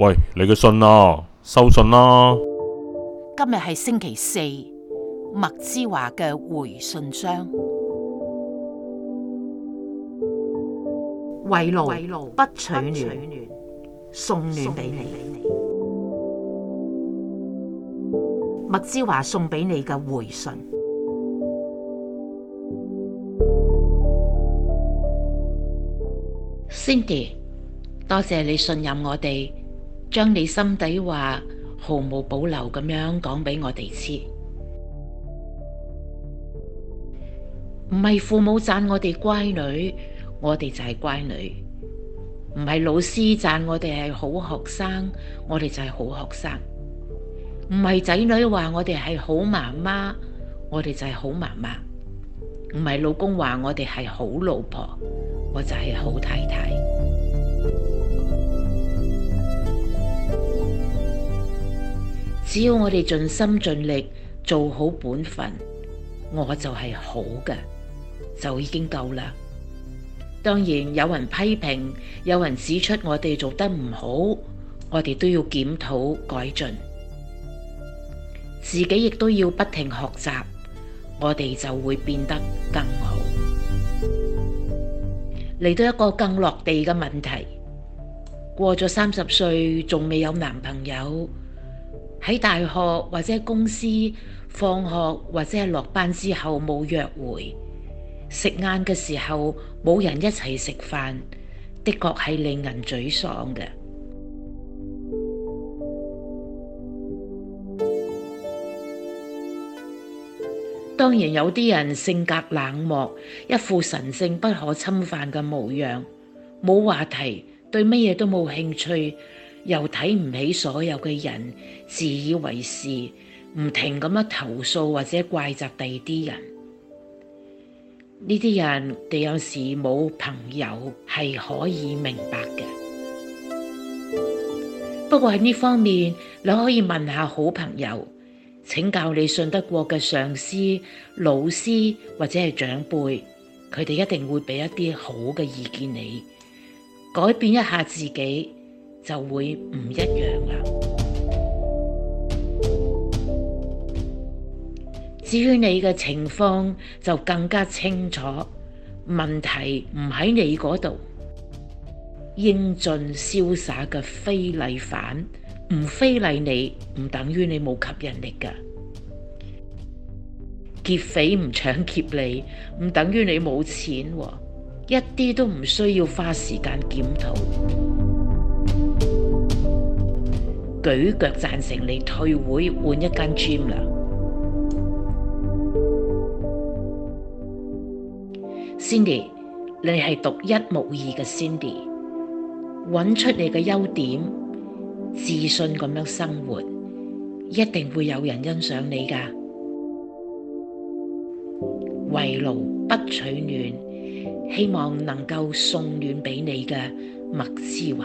喂，你嘅信啦、啊，收信啦、啊。今日係星期四，麥之華嘅回信箱，圍爐不取暖，取暖送暖俾你。你麥之華送俾你嘅回信，Cindy，多謝你信任我哋。將你心底話毫無保留咁樣講俾我哋知，唔係父母讚我哋乖女，我哋就係乖女；唔係老師讚我哋係好學生，我哋就係好學生；唔係仔女話我哋係好媽媽，我哋就係好媽媽；唔係老公話我哋係好老婆，我就係好太太。只要我哋盡心盡力做好本分，我就係好嘅，就已經夠啦。當然有人批評，有人指出我哋做得唔好，我哋都要檢討改進，自己亦都要不停學習，我哋就會變得更好。嚟到一個更落地嘅問題，過咗三十歲仲未有男朋友。喺大學或者公司放學或者落班之後冇約會，食晏嘅時候冇人一齊食飯，的確係令人沮喪嘅。當然有啲人性格冷漠，一副神聖不可侵犯嘅模樣，冇話題，對乜嘢都冇興趣。又睇唔起所有嘅人，自以為是，唔停咁樣投訴或者怪責第二啲人。呢啲人，佢哋有時冇朋友係可以明白嘅。不過喺呢方面，你可以問下好朋友，請教你信得過嘅上司、老師或者係長輩，佢哋一定會俾一啲好嘅意見你，改變一下自己。就會唔一樣啦。至於你嘅情況就更加清楚，問題唔喺你嗰度。英俊瀟灑嘅非禮犯唔非禮你，唔等於你冇吸引力噶。劫匪唔搶劫你，唔等於你冇錢喎，一啲都唔需要花時間檢討。舉腳贊成你退會換一間 gym 啦，Cindy，你係獨一無二嘅 Cindy，搵出你嘅優點，自信咁樣生活，一定會有人欣賞你㗎。圍爐不取暖，希望能夠送暖俾你嘅麥之華。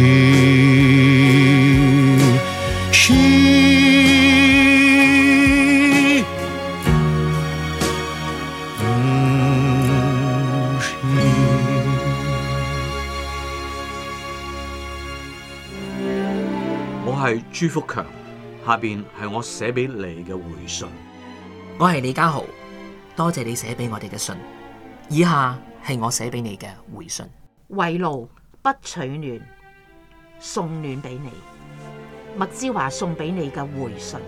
我係朱福強，下邊係我寫俾你嘅回信。我係李家豪，多謝你寫俾我哋嘅信。以下係我寫俾你嘅回信。圍爐不取暖。送暖俾你，麥之華送俾你嘅回信，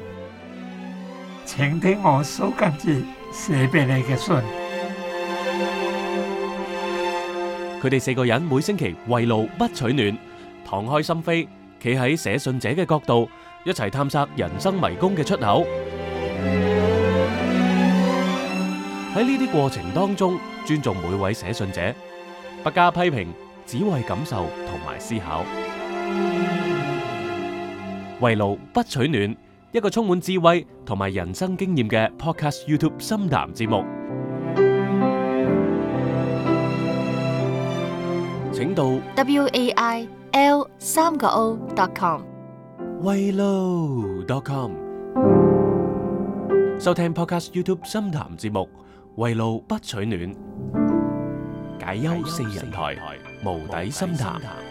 請聽我蘇根志寫俾你嘅信。佢哋四個人每星期圍爐不取暖，敞開心扉，企喺寫信者嘅角度，一齊探索人生迷宮嘅出口。喺呢啲過程當中，尊重每位寫信者，不加批評，只為感受同埋思考。圍爐不取暖，一個充滿智慧同埋人生經驗嘅 Podcast YouTube 深談節目，請到 wail 三個 o.com，圍爐 .com 收聽 Podcast YouTube 深談節目，圍爐不取暖，解憂四人台，無底深談。